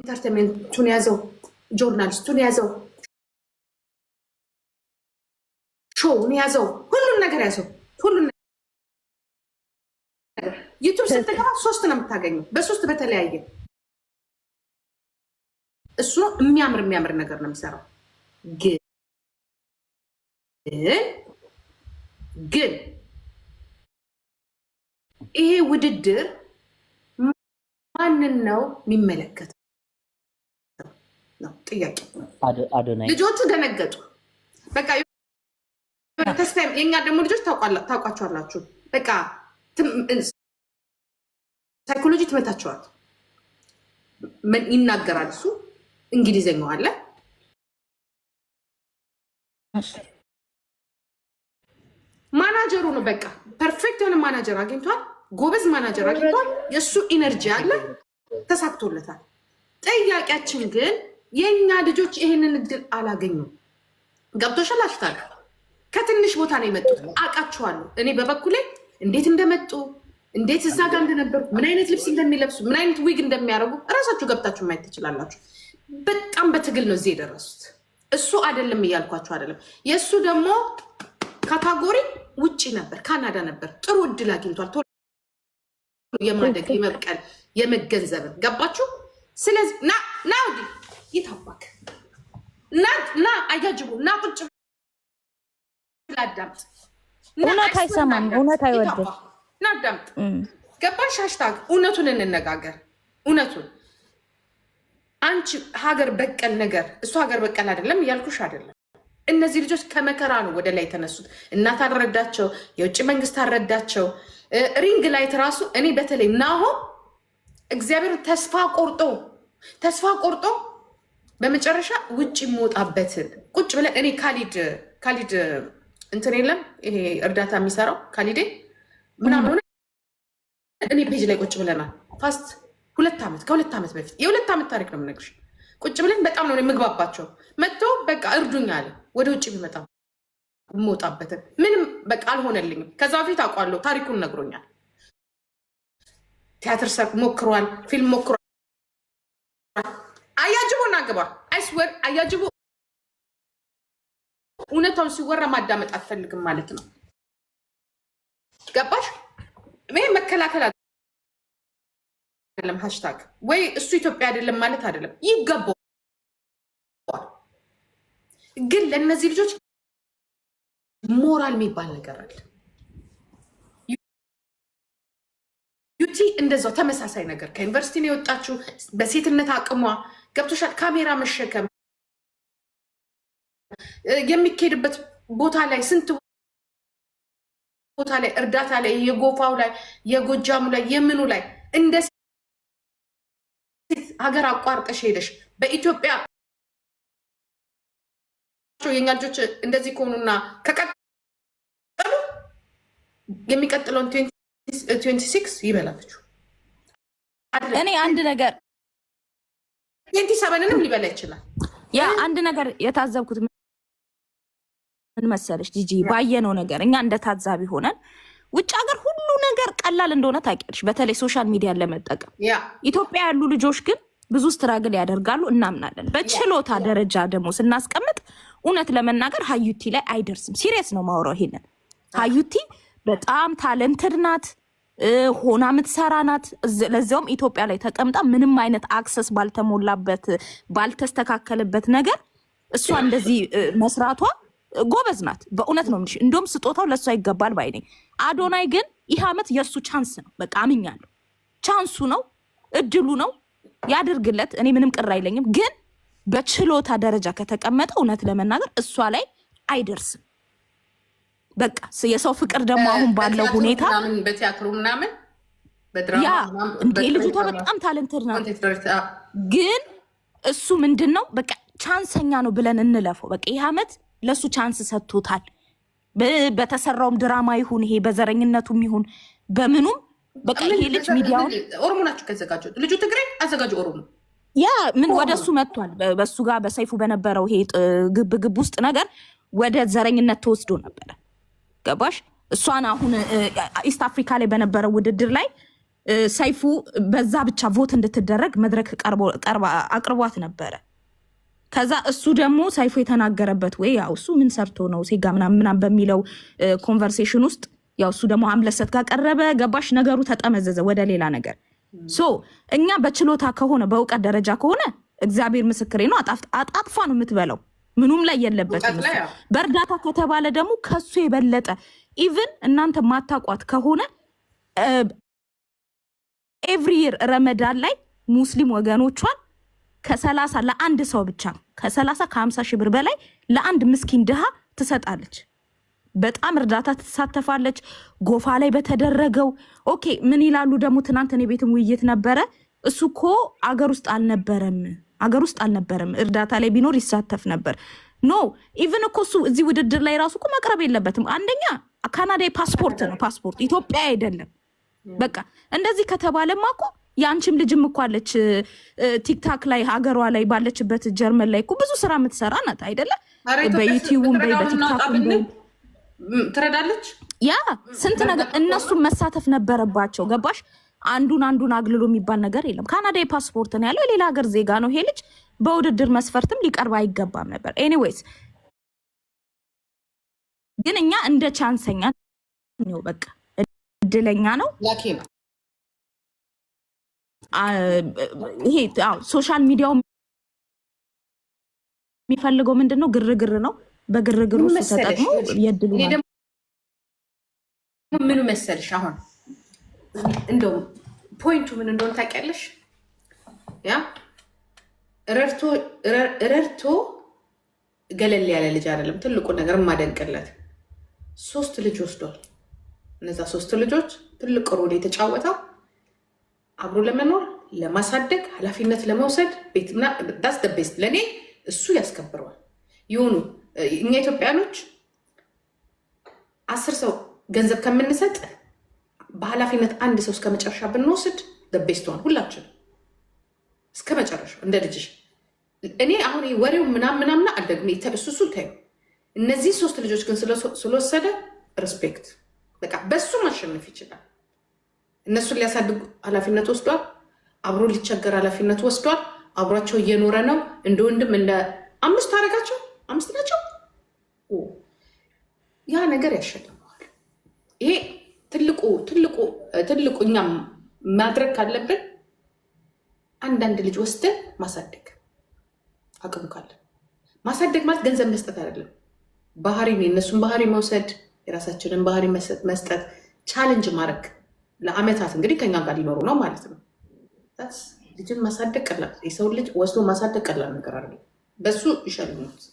ኢንተርቴንመንቱን ያዘው፣ ጆርናሊስቱን ያዘው፣ ሾውን ያዘው፣ ሁሉን ነገር ያዘው። ሁሉን ዩቱብ ስትገባ ሶስት ነው የምታገኘው፣ በሶስት በተለያየ እሱ የሚያምር የሚያምር ነገር ነው የሚሰራው። ግን ግን ይሄ ውድድር ማንን ነው የሚመለከተው? ነው ጥያቄ። ልጆቹ ደነገጡ። በቃ ተስፋ የእኛ ደግሞ ልጆች ታውቋቸዋላችሁ። በቃ ሳይኮሎጂ ትመታቸዋል። ይናገራል እሱ እንግሊዘኛው አለ ማናጀሩ ነው። በቃ ፐርፌክት የሆነ ማናጀር አግኝቷል። ጎበዝ ማናጀር አግኝቷል። የእሱ ኢነርጂ አለ፣ ተሳክቶለታል። ጥያቄያችን ግን የእኛ ልጆች ይሄንን እድል አላገኙም። ገብቶሻል? አሽታል ከትንሽ ቦታ ነው የመጡት። አውቃችኋለሁ። እኔ በበኩሌ እንዴት እንደመጡ እንዴት እዛ ጋር እንደነበሩ ምን አይነት ልብስ እንደሚለብሱ ምን አይነት ዊግ እንደሚያደርጉ እራሳችሁ ገብታችሁ ማየት ትችላላችሁ። በጣም በትግል ነው እዚህ የደረሱት። እሱ አይደለም እያልኳቸው አይደለም። የእሱ ደግሞ ካታጎሪ ውጭ ነበር፣ ካናዳ ነበር። ጥሩ እድል አግኝቷል። የማደግ የመብቀል የመገንዘብን ገባችሁ። ስለዚህ ና ና ይታባክ እና እና አያጅቡ እና ቁጭ ላዳምጥ። እውነት አይሰማም፣ እውነት አይወድም። እናዳምጥ። ገባሽ? ሀሽታግ እውነቱን እንነጋገር። እውነቱን አንቺ ሀገር በቀል ነገር እሱ ሀገር በቀል አይደለም እያልኩሽ አይደለም። እነዚህ ልጆች ከመከራ ነው ወደ ላይ የተነሱት። እናት አልረዳቸው፣ የውጭ መንግስት አልረዳቸው። ሪንግ ላይት ራሱ እኔ በተለይ ናሆም እግዚአብሔር ተስፋ ቆርጦ ተስፋ ቆርጦ በመጨረሻ ውጭ የምወጣበትን ቁጭ ብለን እኔ ካሊድ ካሊድ እንትን የለም ይሄ እርዳታ የሚሰራው ካሊዴ ምናምን ሆነ እኔ ፔጅ ላይ ቁጭ ብለናል። ፋስት ሁለት ዓመት ከሁለት ዓመት በፊት የሁለት ዓመት ታሪክ ነው የምነግርሽ። ቁጭ ብለን በጣም ነው ምግባባቸው መጥቶ በቃ እርዱኝ አለ። ወደ ውጭ የሚመጣ የምወጣበትን ምንም በቃ አልሆነልኝም። ከዛ በፊት አውቋለሁ፣ ታሪኩን ነግሮኛል። ቲያትር ሞክሯል፣ ፊልም ሞክሯል አያጅቦ እናግባ አይስወር አያጅቦ እውነታው ሲወራ ማዳመጥ አትፈልግም ማለት ነው። ገባሽ? ይህ መከላከል አይደለም። ሀሽታግ ወይ እሱ ኢትዮጵያ አይደለም ማለት አይደለም። ይገባዋል። ግን ለእነዚህ ልጆች ሞራል የሚባል ነገር አለ። ዩቲ እንደዛው ተመሳሳይ ነገር ከዩኒቨርሲቲ ነው የወጣችው በሴትነት አቅሟ ገብቶሻል። ካሜራ መሸከም የሚካሄድበት ቦታ ላይ ስንት ቦታ ላይ እርዳታ ላይ የጎፋው ላይ የጎጃሙ ላይ የምኑ ላይ እንደ ሀገር አቋርጠሽ ሄደሽ በኢትዮጵያ የኛ ልጆች እንደዚህ ከሆኑና ከቀጠሉ የሚቀጥለውን ትዌንቲ ሲክስ ይበላለች። እኔ አንድ ነገር ንቲ ሰበንንም ሊበላ ይችላል። ያ አንድ ነገር የታዘብኩት ምን መሰለሽ ጂጂ፣ ባየነው ነገር እኛ እንደ ታዛቢ ሆነን ውጭ ሀገር ሁሉ ነገር ቀላል እንደሆነ ታውቂያለሽ፣ በተለይ ሶሻል ሚዲያን ለመጠቀም። ኢትዮጵያ ያሉ ልጆች ግን ብዙ ስትራግል ያደርጋሉ እናምናለን። በችሎታ ደረጃ ደግሞ ስናስቀምጥ እውነት ለመናገር ሀዩቲ ላይ አይደርስም። ሲሪየስ ነው ማውራው። ይሄንን ሀዩቲ በጣም ታለንትድ ናት። ሆና ምትሰራ ናት። ለዚያውም ኢትዮጵያ ላይ ተቀምጣ ምንም አይነት አክሰስ ባልተሞላበት ባልተስተካከለበት ነገር እሷ እንደዚህ መስራቷ ጎበዝ ናት። በእውነት ነው እንደውም ስጦታው ለእሷ ይገባል ባይ ነኝ። አዶናይ ግን ይህ ዓመት የእሱ ቻንስ ነው። በቃ አምኛለሁ። ቻንሱ ነው፣ እድሉ ነው። ያድርግለት። እኔ ምንም ቅር አይለኝም። ግን በችሎታ ደረጃ ከተቀመጠ እውነት ለመናገር እሷ ላይ አይደርስም። በቃ የሰው ፍቅር ደግሞ አሁን ባለው ሁኔታ በቲያትሩ ምናምን ያ እንዴ ልጅቷ በጣም ታለንትድ ናት። ግን እሱ ምንድን ነው በቃ ቻንሰኛ ነው ብለን እንለፈው። በቃ ይህ ዓመት ለእሱ ቻንስ ሰጥቶታል። በተሰራውም ድራማ ይሁን ይሄ በዘረኝነቱም ይሁን በምኑም በቃ ይሄ ልጅ ሚዲያውን ኦሮሞ ናቸው ልጁ ትግሬ አዘጋጅ ኦሮሞ ያ ምን ወደ እሱ መጥቷል። በእሱ ጋር በሰይፉ በነበረው ይሄ ግብግብ ውስጥ ነገር ወደ ዘረኝነት ተወስዶ ነበረ። ገባሽ? እሷን አሁን ኢስት አፍሪካ ላይ በነበረው ውድድር ላይ ሰይፉ በዛ ብቻ ቮት እንድትደረግ መድረክ አቅርቧት ነበረ። ከዛ እሱ ደግሞ ሰይፉ የተናገረበት ወይ ያው እሱ ምን ሰርቶ ነው ሴጋ ምናምን ምናምን በሚለው ኮንቨርሴሽን ውስጥ ያው እሱ ደግሞ አምለሰት ጋር ቀረበ። ገባሽ? ነገሩ ተጠመዘዘ ወደ ሌላ ነገር። ሶ እኛ በችሎታ ከሆነ በእውቀት ደረጃ ከሆነ እግዚአብሔር ምስክሬ ነው፣ አጣጥፋ ነው የምትበለው። ምኑም ላይ የለበትም። በእርዳታ ከተባለ ደግሞ ከሱ የበለጠ ኢቨን እናንተ ማታቋት ከሆነ ኤቭሪ ይር ረመዳን ላይ ሙስሊም ወገኖቿን ከሰላሳ ለአንድ ሰው ብቻ ከሰላሳ ከሀምሳ ሺህ ብር በላይ ለአንድ ምስኪን ድሃ ትሰጣለች። በጣም እርዳታ ትሳተፋለች። ጎፋ ላይ በተደረገው ኦኬ ምን ይላሉ ደግሞ ትናንት እኔ ቤትም ውይይት ነበረ። እሱ እኮ አገር ውስጥ አልነበረም አገር ውስጥ አልነበረም። እርዳታ ላይ ቢኖር ይሳተፍ ነበር። ኖ ኢቨን እኮ እሱ እዚህ ውድድር ላይ ራሱ እኮ መቅረብ የለበትም። አንደኛ ካናዳ የፓስፖርት ነው ፓስፖርት ኢትዮጵያ አይደለም። በቃ እንደዚህ ከተባለማ እኮ የአንቺም ልጅም እኮ አለች ቲክታክ ላይ ሀገሯ ላይ ባለችበት ጀርመን ላይ እኮ ብዙ ስራ የምትሰራ ናት አይደለ? በይ ትረዳለች። ያ ስንት ነገር እነሱም መሳተፍ ነበረባቸው። ገባሽ? አንዱን አንዱን አግልሎ የሚባል ነገር የለም። ካናዳ የፓስፖርት ነው ያለው፣ የሌላ ሀገር ዜጋ ነው ይሄ ልጅ። በውድድር መስፈርትም ሊቀርብ አይገባም ነበር። ኤኒዌይስ ግን እኛ እንደ ቻንሰኛ ነው፣ በቃ እድለኛ ነው። ይሄ ሶሻል ሚዲያው የሚፈልገው ምንድን ነው? ግርግር ነው። በግርግር ውስጥ ተጠቅሞ የድሉ ምኑ መሰልሽ አሁን እንደው ፖይንቱ ምን እንደሆነ ታውቂያለሽ? ያ ረድቶ ገለል ያለ ልጅ አይደለም። ትልቁ ነገር የማደንቅለት ሶስት ልጅ ወስዷል። እነዛ ሶስት ልጆች ትልቅ ሮል የተጫወተው አብሮ ለመኖር ለማሳደግ፣ ኃላፊነት ለመውሰድ ዳስ ቤስት ለእኔ እሱ ያስከብረዋል። ይሁኑ እኛ ኢትዮጵያኖች አስር ሰው ገንዘብ ከምንሰጥ በኃላፊነት አንድ ሰው እስከ መጨረሻ ብንወስድ ቤስቷን ሁላችን እስከ መጨረሻ እንደ ልጅሽ እኔ አሁን ወሬው ምናም ምናምና አልደግም እሱ ታዩ እነዚህ ሶስት ልጆች ግን ስለወሰደ ሪስፔክት በቃ በሱ ማሸነፍ ይችላል። እነሱን ሊያሳድጉ ኃላፊነት ወስዷል። አብሮ ሊቸገር ኃላፊነት ወስዷል። አብሯቸው እየኖረ ነው። እንደ ወንድም እንደ አምስት አረጋቸው አምስት ናቸው። ያ ነገር ያሸለም ትልቁ ትልቁ እኛም ማድረግ ካለብን አንዳንድ ልጅ ወስደን ማሳደግ አቅሙ ካለ ማሳደግ ማለት ገንዘብ መስጠት አይደለም። ባህሪ የእነሱን ባህሪ መውሰድ የራሳችንን ባህሪ መስጠት ቻለንጅ ማድረግ ለአመታት እንግዲህ ከኛ ጋር ሊኖሩ ነው ማለት ነው። ልጅን ማሳደግ ቀላል የሰውን ልጅ ወስዶ ማሳደግ ቀላል ነገር አለ። በሱ ይሸልሙት።